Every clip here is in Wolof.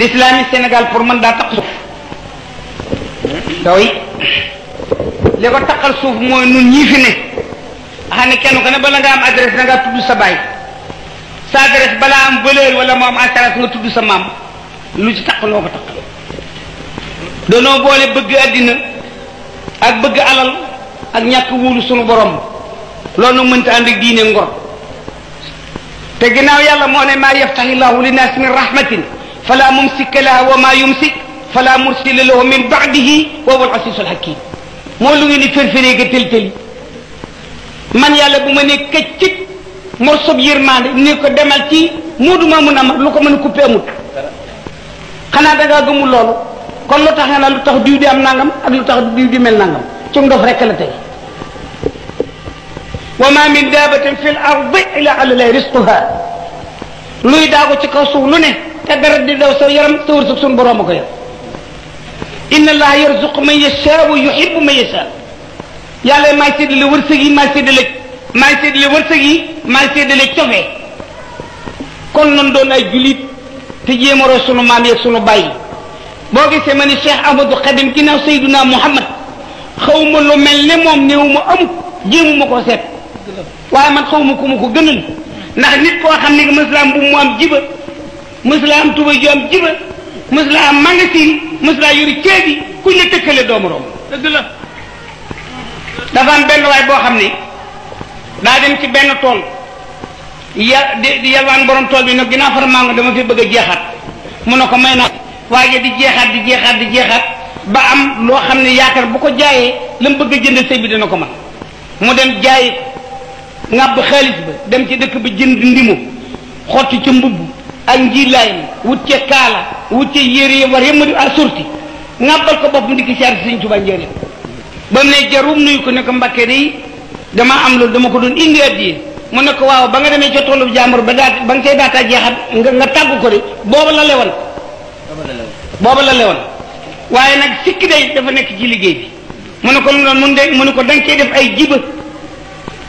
l'islami Sénégal pour man daa taq suuf taw yi li ko taqal suuf mooy nun ñii fi ne xam ne bala nga am adresse da ngaa tudd sa baay sa adresse balaa am valeur wala moo am assurance nga tudd sa maam lu ci taq noo ko taqal danoo boole bëgg àddina ak bëgg alal ak ñàkk wóolu sunu borom loolu nu mënta ànd ak diine ngor te ginnaaw yàlla moo ne maa yaftahi llahu linnaasi min rahmatin فلا ممسك لها وما يمسك فلا مرسل له من بعده وهو العزيز الحكيم مولوي ني فرفري تلتلي من يالا بوما نيك كيت مرصوب يرمان نيكو دمال تي مودو ما منام لوكو من كوبي امول خانا داغا غمو لولو كون لو تاخنا لو تاخ ديو دي ام نانغام اك لو تاخ ديو دي مل نانغام تيم دوف رك لا تاي وما من دابه في الارض الا على رزقها لوي داغو تي كاسو لو نيك te deret di daw sa yaram sa wërsëg sun borom a ko yor inna allaha yarzuqu man yashaa wa yuhibbu man yashaa yàlla maay séddale wërsëg yi maay séddale maay séddale wërsëg yi cofe kon nan doon ay julit te jéem a sunu maam yeeg sunu baay boo gisee ma ni Cheikh Ahmadou Khadim ginnaaw Seydina Muhammad xaw ma lu mel ne moom néew ma amut jéemu ma koo seet waaye man xaw ko gënal ndax nit koo xam ne que muslim bu mu am jiba mësulaa am tuba joom jiba mësulaa am magasin mësulaa yori ceebi kuñ la tëkkale doomu room dëgg la dafa am benn waay boo xam ne daa dem ci benn tool ya di di yalwaan borom tool bi nag dinaa far mango dama fi bëgg a jeexaat mu ne ko may naa waaye di jeexaat di jeexaat di jeexaat ba am loo xam ne yaakaar bu ko jaayee la mu bëgg a jënd sëy bi dina ko man mu dem jaayi ngàbb xaalis ba dem ci dëkk ba jënd ndimu xotti ci mbubb anjilain wutce kala wutce yere war yemma di asurti ngabal ko bop ndiki ci seigne touba njere bam ne jarum nuy ko ne ko mbakke dama am lu dama ko don indi addi mu ne ko waaw ba nga demé ci tollu jamur ba daat ba nga data daata jeexat nga nga tàggu ko de bobu la lewon bobu la lewon waye nak sikki day dafa nek ci liggey bi mu ne ko mu ne ko dang nga def ay jiba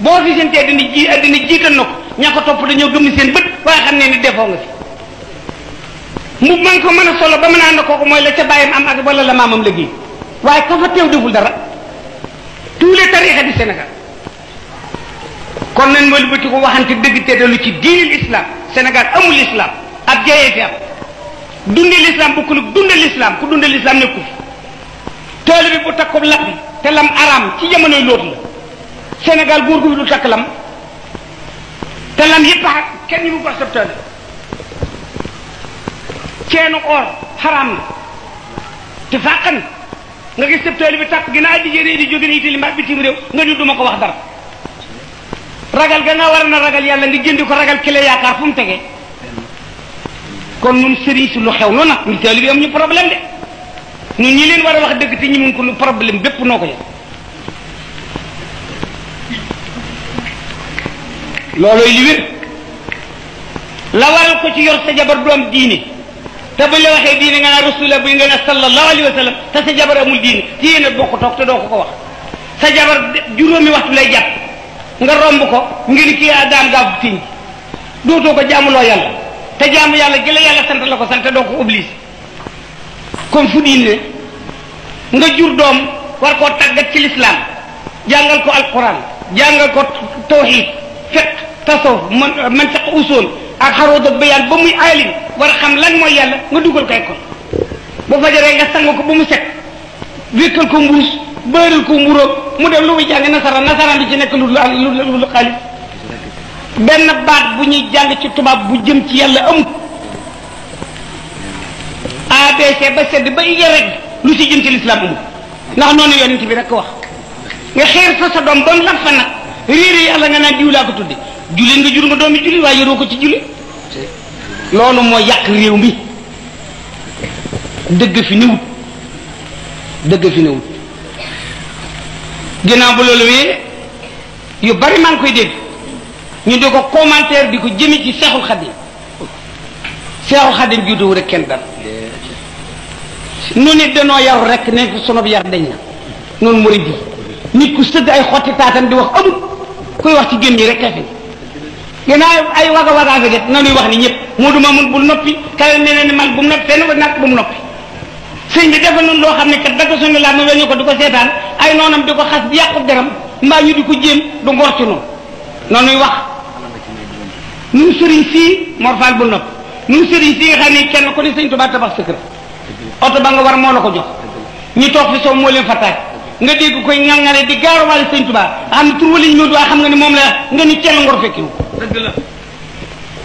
boo fi seen tee dina ji dina jiital na ko ña ko topp dañoo gëm seen bët waaye xam ne ni defoo nga fi mu man ko mën a solo ba mën a kooku mooy la ca bàyyam am ak la maamam waaye ka fa teew deful dara tous les tarixa Sénégal kon nañ mooy lu bëti ko waxante dëgg te dalu ci diinil islam Sénégal amul islam ab jayee fi am dunde l'islam bu kulug dunde l'islam ku dunde l'islam nekku fi tool bi bu takku lab bi te lam araam ci jamonoy lóotu la senegal góor gu fi du takk lam te lam yëpp kenn ñu mu ko accepté ceenu or xaraam na te fàqan nga gis sëbtaali bi tàpp ginnaaw di jëree di jóge nii itali mbaa bitim réew nga ñu duma ko wax dara ragal ga nga war na ragal yàlla nga jëndi ko ragal kile yaakaar fu mu tegee kon ñun sëriñ lu xew lu na ñu taali bi am ñu problème de ñun ñi leen war a wax dëgg te ñi mun ko lu problème bépp noo ko loolooy li la waral ko ci yor sa jabar du am diine te ba la waxee diine nga naan rasula buñ nga naan sa jabar amul diine ci yéen a bokk toog te doo ko ko wax sa jabar juróomi waxtu lay jàpp nga romb ko ngir kii a daam gaabu tiñ dootoo ko jaamuloo yàlla te jaamu yàlla gi yàlla sant la ko sant doo ko oblige comme fu diine nga jur doom war koo tàggat ci lislaam jàngal ko alquran jàngal ko tawxid tasso man euh, tax usul ak xarud ak bayan ba muy alim war xam lan moy yalla nga kay ko bu fajaree nga sang ko mu set wekkal ko mbuus bëral ko mburo mu dem lu muy jàng nasara nasara bi ci nek lu lu lu xali ben baat bu ñuy jang ci tuba bu jëm ci yàlla amut abc ba sedd ba iya rek lu ci jëm ci l'islam am ndax noonu yonent bi rek wax nga xeer sa dom la fa riri yalla nga na diw ko tuddi jullit nga jur ma doomi jullit waaye yoroo ko ci jullit loolu moo yàq réew mi dëgg fi newut dëgg fi newut ginnaaw bu loolu wee yu bari maa koy dégg ñu di ko commentaire bi ko jëme ci seexul xadim seexul xadim judduwu rek kenn dara nu nit danoo yaru rek ne sonob yar dañ na noonu murid yi nit ku sëgg ay xotti taatam di wax amul kuy wax ci génn ñi rek a fi ginnaaw ay waga waga fi get nanuy wax ni ñep mudu mamun bu nopi kay mel ni man bu noppi fenn ba nak bu nopi señ bi defal nun lo xamne kat daga sunu la mu wéñu ko diko setan ay nonam diko xass di yaqku deram mba ñu diko jëm du ngor ci non nonuy wax ñu serigne fi morfal bu nopi ñu serigne fi xani kenn ko ni señ tuba tabax sëkk auto ba nga war mo la ko jox ñi tok fi so mo leen fataay nga dégg koy ngangale di wal sëñ tuba am tur waliñ ñu do xam nga ni mom la nga ni kenn ngor fekkiwu dëgg la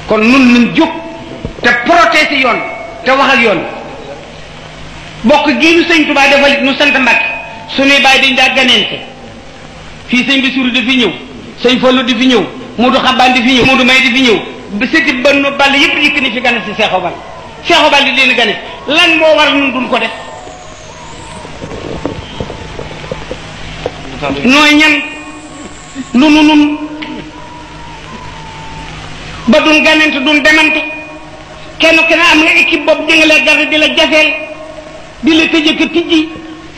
kon nun nun jóg te protéger yoon te wax ak yoon bokk gii nu sëñ Tuubaa defal nu sant Mbàkke suñuy bàyyi dañ daa ganente fii sëñ Basiru di fi ñëw sëñ Fallu di fi ñëw Moodu Xabaan di fi ñëw Moodu May di fi ñëw sëti bannu ball yëpp yëkk ni fi gane si Seexu Bal Seexu Bal di leen gane lan moo war nun duñ ko def nooy ñan lu nun ba duñ ganante duñ demante kenn ku am nga équipe boobu di nga garde di la jafeel di la tëjëk a tijji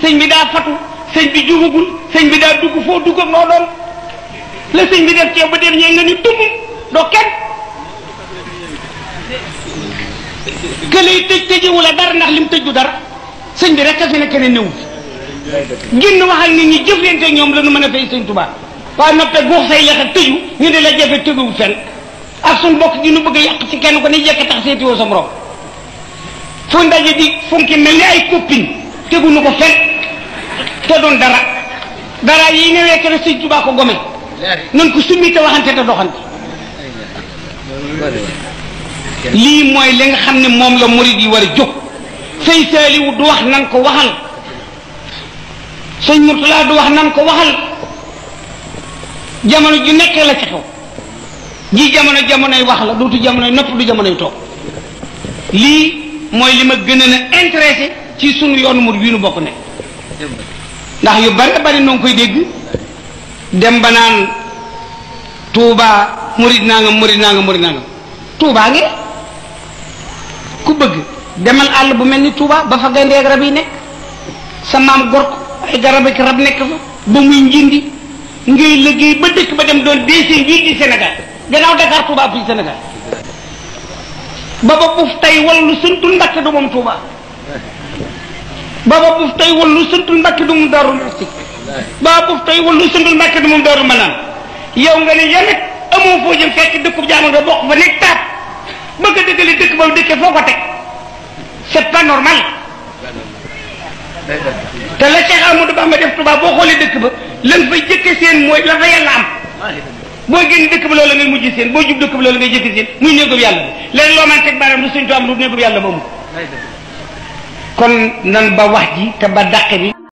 sëñ bi daa fatu sëñ bi jugagul sëñ bi daa dugg foo dugg ak noo la sëñ bi def ceeb ba dem ñee nga ni tumm doo kenn que lay tëj tëjewu la dara ndax lim tëj du dara sëñ bi rek a fi ne keneen néew génn wax ak nit ñi jëflante ñoom la nu mën a fay sëñ Tuubaa waaye noppee guux say lex tëju ñu di la jafe tëguwu fenn ak suñ bokk gi nu bëgg a yàq ci kenn ko ni jekk tax seeti woo sa morom fu ndaje di funki mel ni ay copine teguñu ko fen te doon dara dara yi newee kene sëñ Tuubaa ko gome nan ko summi te waxante te doxante lii mooy li nga xam ne moom la murid yi war a jóg sëñ Saaliwu du wax nan ko waxal sëñ Murtala du wax nan ko waxal jamono ju nekk la ci xew ji jamono jamonoy wax la dootu jamonoy nopp du jamonoy toog lii mooy li ma gën a ci sunu yoonu mur bii nu bokk ne ndax yu bare bari noo koy dégg dem ba naan tuubaa murid naa nga murid naa nga murid naa nga tuubaa ngi ku bëgg demal àll bu mel ni tuubaa ba fa gaynde ak rab yi nekk sa maam gor ko ay garab ak rab nekk fa ba muy njindi ngay liggéey ba dëkk ba dem doon dese njindi Sénégal gannaaw Dakar Touba fii Sénégal baba buuf tey wallu sëntul Mbàkke du moom Touba baba buuf tey wallu sëntul Mbàkke du moom Daaru Muxti baba buuf tey wallu sëntul Mbàkke du moom Daaru Manaan yow nga ne yanet amoo foo jëm fekk dëkkub jaama nga bokk fa nekk taat bëgg a dëggale dëkk ba mu dëkkee foo ko teg c'est pas normal te la Cheikh Amadou Bamba def Touba boo xoolee dëkk ba lan fay jëkke la fa yàlla boo génn dëkk ba loola ngay mujj seen boo jub dëkk ba loola ngay jëkk seen muy néegub yàlla leen loo man teg baaraam lu suñ to am yàlla moomu kon nan ba wax ji te ba dàq bi